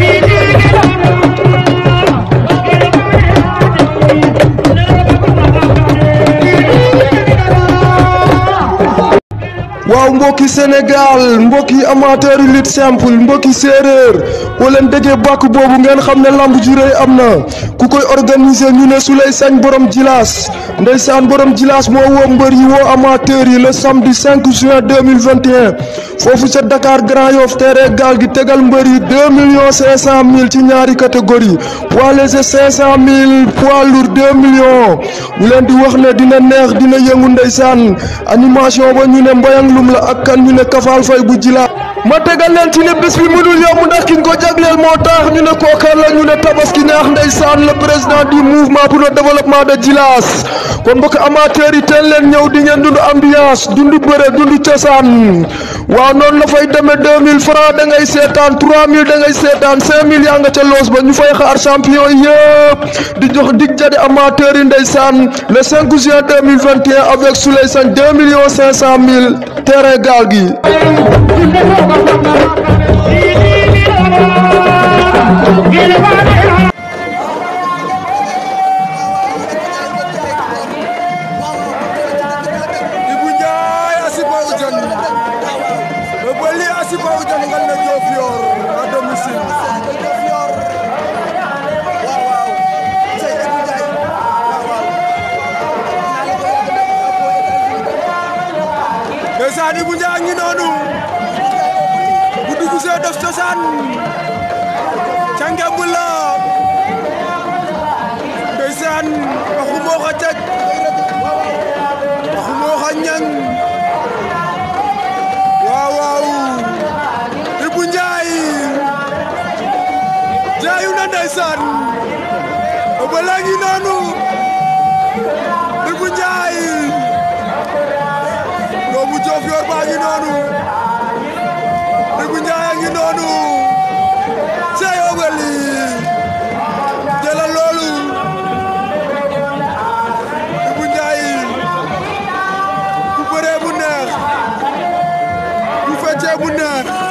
He waaw mbokki Sénégal mbokki amateur lit simple mbokki séeréer boo leen déggee bàkk boobu ngeen xam ne lamb ju rëy am na ku koy organiser ñu ne Souleye Sagne borom jilaas ndeysaan borom jilaas moo woo mbër yi woo amateur yi le samedi 5 juin 2021 Fofu ca Dakar Grand Yoff terrain gaal gi tegal mbër yi 2 millions 500 mille ci ñaari catégorie poids léger 500 mille poids lourd 2 millions ñu di wax ne dina neex dina yëngu ndeysaan animation ba ñu ne mbayang lum la ak kan ñu ne kafaal fay bu jilaa ma tegal leen ci ne bés bi mënul yomb ndax ki ko jagleel moo tax ñu ne kookan la ñu ne tabaski ñaax ndeysaan le président du mouvement pour le développement de Djilass kon mbokk amateurs yi teen leen ñëw di ngeen dund ambiance dund bëre dund cosaan wa non la fay demee 2000 francs da ngay seetaan 3000 da ngay seetaan 5000 yaa nga ca loos ba ñu fay xaar champion yëpp di jox dig jadi amateur yi ndeysaan le 5 juin 2021 avec Souley 2 millions 500 terrain gi. di bunjangi nonu budugu se def tosan changam bulo besan aku mau kacat, aku mau xanyang Dior baa ngi noonu Ndigu Njaay a ngi noonu sey Obeuly jëlal loolu Ndigu Njaay bu bëree